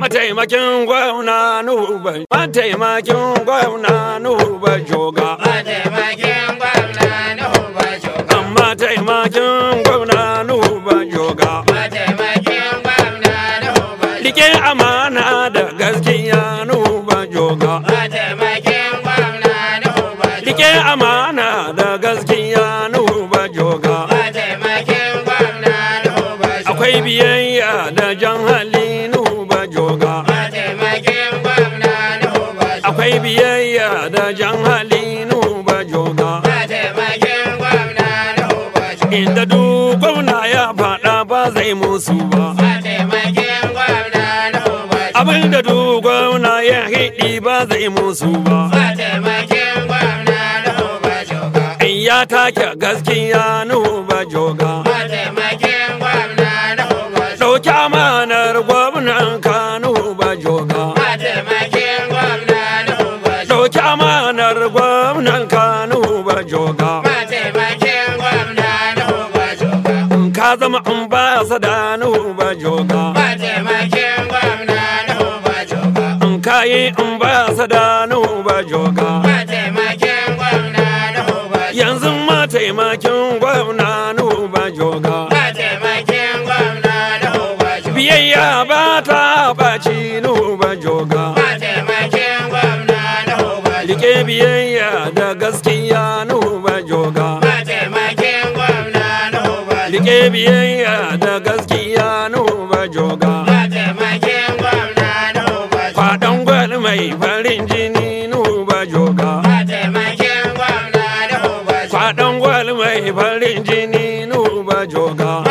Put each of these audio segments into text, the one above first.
mataimakin gwamna nuhu mataimakin gwamna nuhu joga gwamna nuhu joga amana da gaskiya nuhu joga rike da gaskiya nuhu akwai biyayya da jan hali wajen halinu ba jona. Inda duk gwamna ya faɗa ba zai musu ba. Abin duk gwamna ya hiɗi ba zai musu ba. In ya take gaskiya nuhu ba joga. an ba sada na ba joka. taimakin gwamna na ba joka. An kayi an ba sada na ba joka. taimakin gwamna na ba joka. Yanzu ma taimakin gwamna na biyayya da gaskiya noma joga. Mataimakin gwamna gwal mai farin jini noma joga. Mataimakin gwamna gwal mai farin jini joga.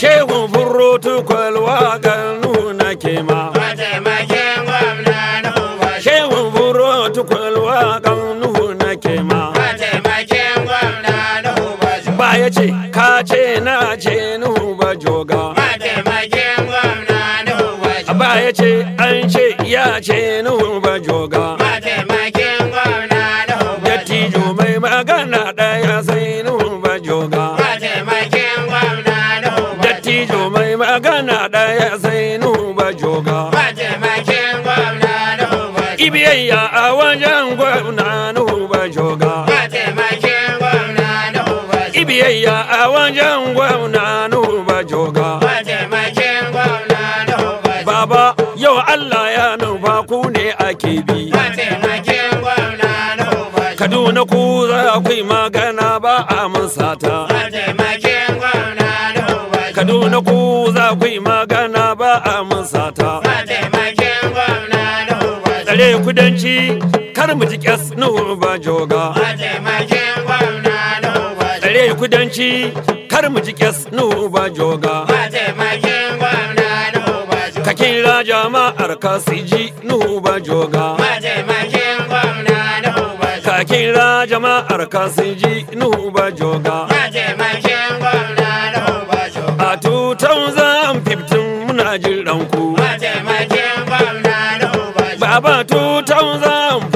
Shehu nuna kema. Shehu nuna na ce na ce nuhu ba joga mataimakin gwamna nuhu ba joga ba ya ce an ce ya ce nuhu joga wajen gwamna nuba joga. Baba yau Allah ya nufa ku ne ake bi. Kaduna ku za ku yi magana ba a musata. Kaduna ku za ku yi magana ba a musata. Tsare kudanci kar mu ji kyas nuba joga. kudanci kar mu ji kyas ba joga. Mataimakin gwamna ba joga. Ka kira jama'ar ka su ji nuba joga. Mataimakin gwamna ba joga. Ka kira jama'ar ka su ji nuba joga. Mataimakin gwamna ba joga. A 2015 muna jin ranku. Mataimakin gwamna ba joga. Baba 2015.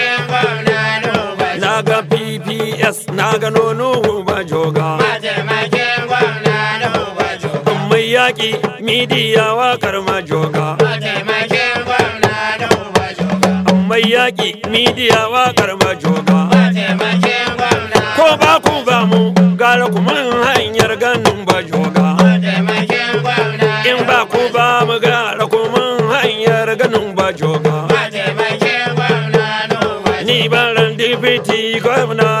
cs na gano nuhu ba joga macen gwamna mai yaƙi midiya wakar majoga mace mai yaƙi midiya wakar ko ba ku ba mu gara kuma hanyar ganin bajoga mace in ba ku ba mu gara kuma hanyar ganin joga. ni ban ran dipiti gwamna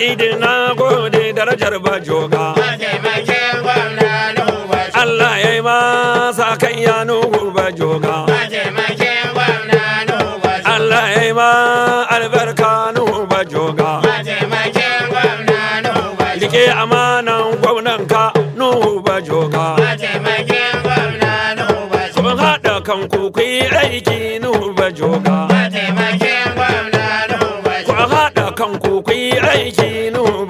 sidi gode darajar bajoga Allah ya yi masa kan ya nuhu bajoga Allah ya yi ma albarka nuhu bajoga Rike amanan gwamnanka nuhu bajoga Kun haɗa kan kuku aiki nuhu bajoga يجينوا